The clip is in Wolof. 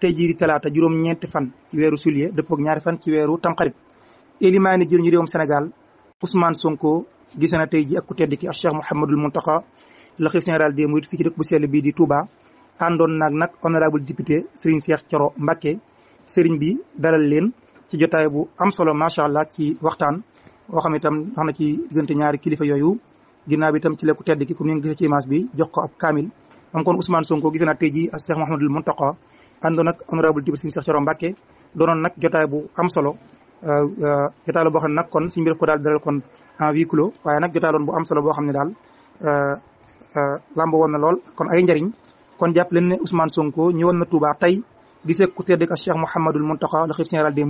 tey jii di talaata juróom-ñeenti fan ci weeru juillet dëppook ñaari fan ci weeru tamxarit élimaani jëriñu réewum Sénégal Ousmane Sonko gise na tey jii ak ku tedd ki ak Cheikh Mouhamadul Mountakha la xalif général bu sell bii di Touba àndoon naag nag honorable député Serigne Cheikh Thioro Mbacké Serigne bi dalal leen ci jotaay bu am solo macha allah ci waxtaan boo xam itam wax na ci diggante ñaari kilifa yooyu ginnaaw bi itam ci lekku tedd ki comme bi jox ko ab kaamil moom kon Ousmane Sonko gise na tey jii ak Cheikh Mouhamadul Mountakha àndoon ak honorable Djibril Sine Cheikh Thioro Mbacké doonoon nag jotaay bu am solo euh, euh, jotaay la boo xam ne nag kon suñu mbir ko daal dalal kon en huis clos waaye nag jotaay loon bu am solo boo xam ne daal euh, lamba woon na lool kon ay njëriñ kon jàpp leen ne Ousmane Sonko ñëwoon na Touba tey gisee ku tedd ak Cheikh Mouhamadoul Mountakha le khalife général des